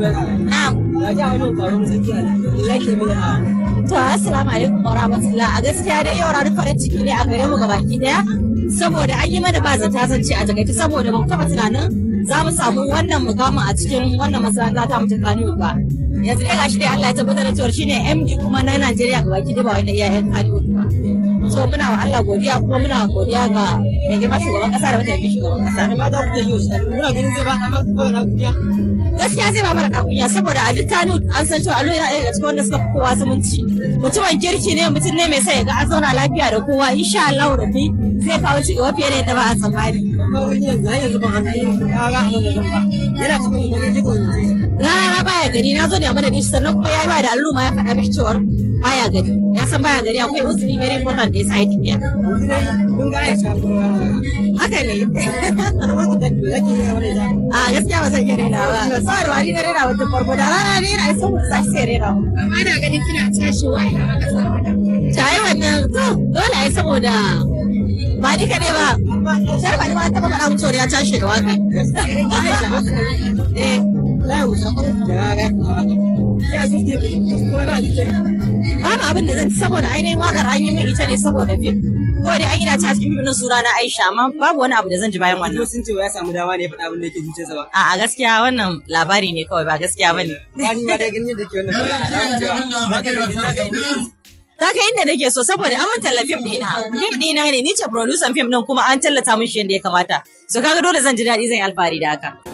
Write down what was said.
To assalamu alaikum wa a gaskiya dai yau ranar farin ciki ne a gare mu gabaki daya saboda an yi mana ba zata zance a takaice saboda ba taba tunanin za mu samu wannan mukamin a cikin wannan masana'anta ta mutum kanu ba yanzu dai gashi dai Allah ya tabbatar da cewa shine MD kuma na Najeriya gabaki daya ba wani na iyayen kanu ba so muna wa Allah godiya kuma muna godiya ga mai girma shugaban kasa da mataimakin shugaban kasa. Amma za ku yi usta, muna ganin zai ba ka masu na kuya. Gaskiya zai ba mara kakuya saboda a littani an san cewa Allah ya ɗaya daga cikin wanda suka fi kowa zumunci. Mutumin kirki ne mutum ne mai sa ya ga an zauna lafiya da kowa insha Allah rabbi zai kawo ci gaba fiye da yadda ba a tsammani. Yana ba ya gani baya na zo ne a madadin shi sannan kuma ya yi ba da alluma ya faɗa mishi cewar baya gani. san baya gari akwai uzuri very important da side here haka ne a gaskiya ba zan iya rera ba ba da na wata farko da rana sai amma na kina a yi wannan to dole saboda ba ni ba ba ni ma taɓa faɗa ya da waka eh babu abin da zan saboda ainihin wakar an yi min ita ne saboda fim ko dai an yi dace cikin fim suna na Aisha amma babu wani abu da zan ji bayan wannan sun ce ya samu dawa ne faɗa abin da yake zuciyarsa ba A'a, gaskiya wannan labari ne kawai ba gaskiya bane ba ni da ta kai inda nake so saboda an talla fim dina fim dina ne ni ce producer fim din kuma an tallata mun shi yadda ya kamata so kaga dole zan ji daɗi zan yi alfahari da haka